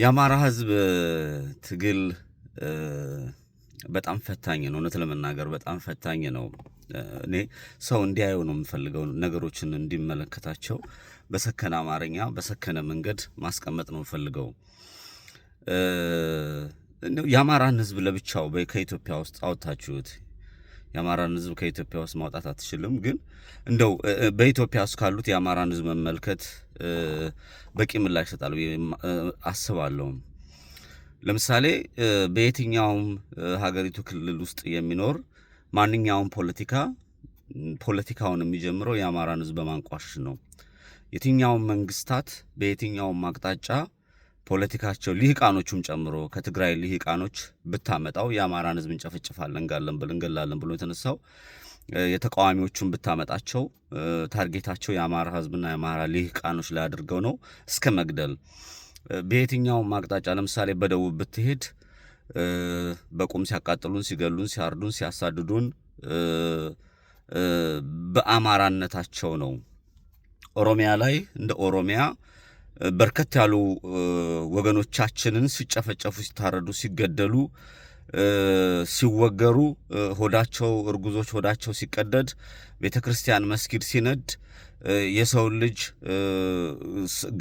የአማራ ህዝብ ትግል በጣም ፈታኝ ነው። እውነት ለመናገር በጣም ፈታኝ ነው። እኔ ሰው እንዲያየው ነው የምፈልገው፣ ነገሮችን እንዲመለከታቸው በሰከነ አማርኛ በሰከነ መንገድ ማስቀመጥ ነው የምፈልገው። የአማራን ህዝብ ለብቻው ከኢትዮጵያ ውስጥ አውጥታችሁት የአማራን ህዝብ ከኢትዮጵያ ውስጥ ማውጣት አትችልም። ግን እንደው በኢትዮጵያ ውስጥ ካሉት የአማራን ህዝብ መመልከት በቂ ምላሽ ይሰጣል አስባለሁ። ለምሳሌ በየትኛውም ሀገሪቱ ክልል ውስጥ የሚኖር ማንኛውም ፖለቲካ ፖለቲካውን የሚጀምረው የአማራን ሕዝብ በማንቋሽ ነው። የትኛውም መንግስታት በየትኛውም አቅጣጫ ፖለቲካቸው ሊህቃኖቹም ጨምሮ ከትግራይ ሊህቃኖች ብታመጣው የአማራን ሕዝብ እንጨፈጭፋለን፣ እንጋለን ብሎ እንገላለን ብሎ የተነሳው የተቃዋሚዎቹን ብታመጣቸው ታርጌታቸው የአማራ ህዝብና የአማራ ልሂቃኖች ላይ አድርገው ነው እስከ መግደል። በየትኛውም አቅጣጫ ለምሳሌ በደቡብ ብትሄድ በቁም ሲያቃጥሉን፣ ሲገሉን፣ ሲያርዱን፣ ሲያሳድዱን በአማራነታቸው ነው። ኦሮሚያ ላይ እንደ ኦሮሚያ በርከት ያሉ ወገኖቻችንን ሲጨፈጨፉ፣ ሲታረዱ፣ ሲገደሉ ሲወገሩ ሆዳቸው እርጉዞች ሆዳቸው ሲቀደድ ቤተ ክርስቲያን መስጊድ ሲነድ የሰውን ልጅ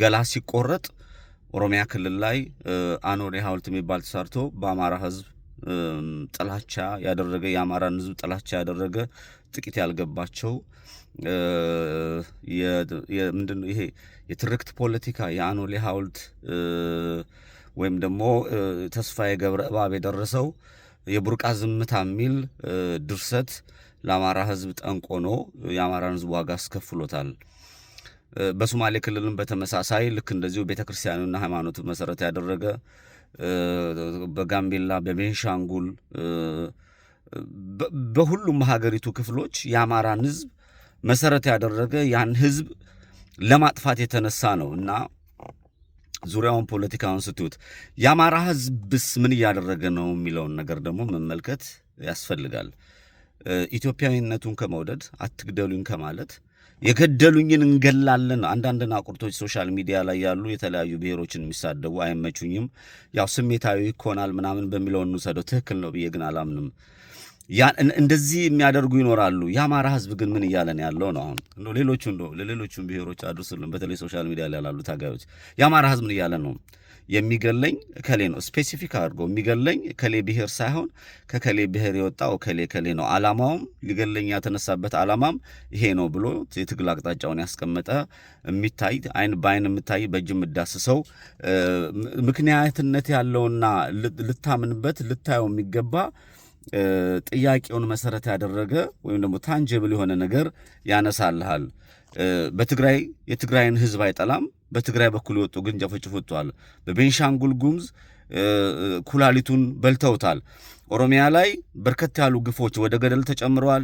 ገላ ሲቆረጥ ኦሮሚያ ክልል ላይ አኖሌ ሐውልት የሚባል ተሰርቶ በአማራ ሕዝብ ጥላቻ ያደረገ የአማራን ሕዝብ ጥላቻ ያደረገ ጥቂት ያልገባቸው ምንድን ነው ይሄ የትርክት ፖለቲካ የአኖሌ ሐውልት ወይም ደግሞ ተስፋዬ እባብ የደረሰው የቡርቃ ዝምታ የሚል ድርሰት ለአማራ ጠንቆ ጠንቆኖ የአማራን ህዝብ ዋጋ አስከፍሎታል። በሶማሌ ክልልም በተመሳሳይ ልክ እንደዚሁ ቤተ ክርስቲያንና ሃይማኖት መሰረት ያደረገ በጋምቤላ በቤንሻንጉል በሁሉም ሀገሪቱ ክፍሎች የአማራን ህዝብ መሰረት ያደረገ ያን ህዝብ ለማጥፋት የተነሳ ነው እና ዙሪያውን ፖለቲካ አንስቱት የአማራ ህዝብስ ምን እያደረገ ነው የሚለውን ነገር ደግሞ መመልከት ያስፈልጋል። ኢትዮጵያዊነቱን ከመውደድ አትግደሉኝ ከማለት የገደሉኝን እንገላለን። አንዳንድን አቁርቶች ሶሻል ሚዲያ ላይ ያሉ የተለያዩ ብሔሮችን የሚሳደቡ አይመቹኝም። ያው ስሜታዊ ይኮናል ምናምን በሚለው እንውሰደው፣ ትክክል ነው ብዬ ግን አላምንም። እንደዚህ የሚያደርጉ ይኖራሉ። የአማራ ህዝብ ግን ምን እያለን ያለው ነው? አሁን እንደው ሌሎቹ እንደው ለሌሎቹም ብሔሮች አድርሱልን፣ በተለይ ሶሻል ሚዲያ ላይ ላሉ ታጋዮች የአማራ ህዝብ ምን እያለ ነው? የሚገለኝ ከሌ ነው ስፔሲፊክ አድርጎ የሚገለኝ ከሌ ብሔር ሳይሆን ከከሌ ብሔር የወጣው ከሌ ከሌ ነው። አላማውም ሊገለኝ ያተነሳበት አላማም ይሄ ነው ብሎ የትግል አቅጣጫውን ያስቀመጠ የሚታይ አይን በአይን የምታይ በእጅ የምዳስሰው ምክንያትነት ያለውና ልታምንበት ልታየው የሚገባ ጥያቄውን መሰረት ያደረገ ወይም ደግሞ ታንጀብል የሆነ ነገር ያነሳልሃል። በትግራይ የትግራይን ህዝብ አይጠላም። በትግራይ በኩል የወጡ ግን ጨፈጭፍ በቤንሻንጉል ጉሙዝ ኩላሊቱን በልተውታል። ኦሮሚያ ላይ በርከት ያሉ ግፎች ወደ ገደል ተጨምረዋል።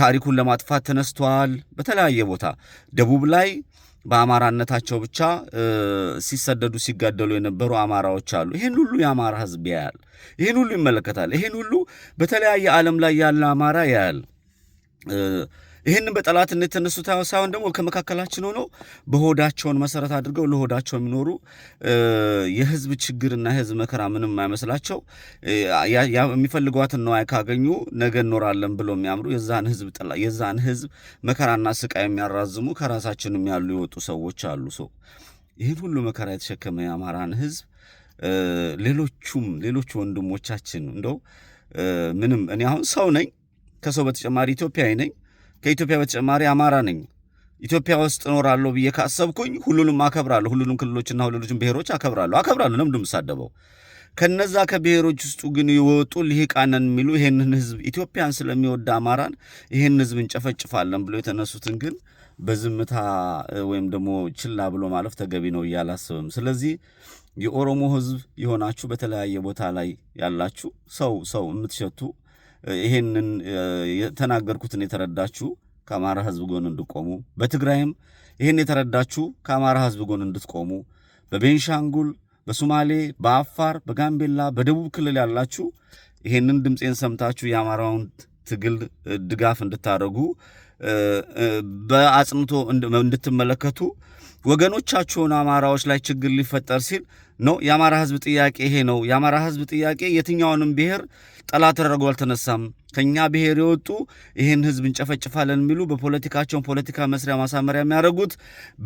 ታሪኩን ለማጥፋት ተነስተዋል። በተለያየ ቦታ ደቡብ ላይ በአማራነታቸው ብቻ ሲሰደዱ ሲጋደሉ የነበሩ አማራዎች አሉ። ይህን ሁሉ የአማራ ህዝብ ያያል። ይህን ሁሉ ይመለከታል። ይህን ሁሉ በተለያየ ዓለም ላይ ያለ አማራ ያያል። ይህንን በጠላትነት የተነሱ ሳይሆን ደግሞ ከመካከላችን ሆኖ በሆዳቸውን መሰረት አድርገው ለሆዳቸው የሚኖሩ የህዝብ ችግርና የህዝብ መከራ ምንም የማይመስላቸው የሚፈልጓትን ነዋይ ካገኙ ነገ እኖራለን ብሎ የሚያምሩ የዛን ህዝብ የዛን ህዝብ መከራና ስቃይ የሚያራዝሙ ከራሳችንም ያሉ የወጡ ሰዎች አሉ። ሰው ይህን ሁሉ መከራ የተሸከመ የአማራን ህዝብ ሌሎቹም ሌሎቹ ወንድሞቻችን እንደው ምንም እኔ አሁን ሰው ነኝ፣ ከሰው በተጨማሪ ኢትዮጵያዊ ነኝ። ከኢትዮጵያ በተጨማሪ አማራ ነኝ። ኢትዮጵያ ውስጥ እኖራለሁ ብዬ ካሰብኩኝ ሁሉንም አከብራለሁ። ሁሉንም ክልሎችና ሁሉንም ብሔሮች አከብራለሁ አከብራለሁ። ነው የምሳደበው? ከነዛ ከብሔሮች ውስጡ ግን ይወጡ ልሂቃንን የሚሉ ይህንን ህዝብ ኢትዮጵያን ስለሚወድ አማራን ይህን ህዝብ እንጨፈጭፋለን ብሎ የተነሱትን ግን በዝምታ ወይም ደግሞ ችላ ብሎ ማለፍ ተገቢ ነው ብዬ ስለዚህ የኦሮሞ ህዝብ የሆናችሁ በተለያየ ቦታ ላይ ያላችሁ ሰው ሰው የምትሸቱ ይሄንን የተናገርኩትን የተረዳችሁ ከአማራ ህዝብ ጎን እንድቆሙ፣ በትግራይም ይህን የተረዳችሁ ከአማራ ህዝብ ጎን እንድትቆሙ፣ በቤንሻንጉል፣ በሶማሌ፣ በአፋር፣ በጋምቤላ፣ በደቡብ ክልል ያላችሁ ይሄንን ድምፄን ሰምታችሁ የአማራውን ትግል ድጋፍ እንድታደርጉ በአጽንቶ እንድትመለከቱ ወገኖቻችሁን አማራዎች ላይ ችግር ሊፈጠር ሲል ነው። የአማራ ህዝብ ጥያቄ ይሄ ነው። የአማራ ህዝብ ጥያቄ የትኛውንም ብሔር ጠላት ተደረጉ አልተነሳም። ከኛ ብሔር የወጡ ይህን ህዝብ እንጨፈጭፋለን የሚሉ በፖለቲካቸውን ፖለቲካ መስሪያ ማሳመሪያ የሚያደርጉት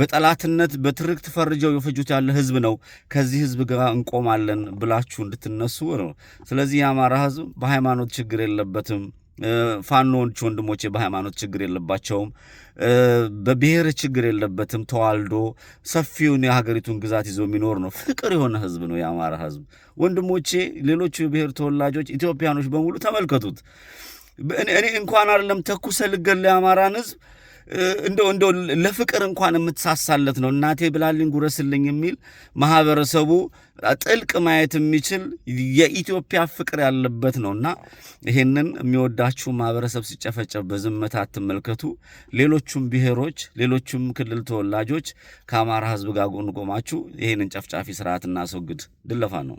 በጠላትነት በትርክት ፈርጀው የፈጁት ያለ ህዝብ ነው። ከዚህ ህዝብ ጋር እንቆማለን ብላችሁ እንድትነሱ ነው። ስለዚህ የአማራ ህዝብ በሃይማኖት ችግር የለበትም። ፋኖዎች ወንድሞቼ በሃይማኖት ችግር የለባቸውም፣ በብሔር ችግር የለበትም። ተዋልዶ ሰፊውን የሀገሪቱን ግዛት ይዞ የሚኖር ነው። ፍቅር የሆነ ህዝብ ነው የአማራ ህዝብ። ወንድሞቼ ሌሎቹ የብሔር ተወላጆች ኢትዮጵያኖች በሙሉ ተመልከቱት። እኔ እንኳን አይደለም ተኩሰ ልገል የአማራን ህዝብ እንደው እንደው ለፍቅር እንኳን የምትሳሳለት ነው። እናቴ ብላልኝ ጉረስልኝ የሚል ማህበረሰቡ ጥልቅ ማየት የሚችል የኢትዮጵያ ፍቅር ያለበት ነውና ይህንን የሚወዳችሁ ማህበረሰብ ሲጨፈጨፍ በዝምታ አትመልከቱ። ሌሎቹም ብሔሮች፣ ሌሎቹም ክልል ተወላጆች ከአማራ ህዝብ ጋር ጎን ቆማችሁ ይህንን ጨፍጫፊ ስርዓት እናስወግድ። ድለፋ ነው።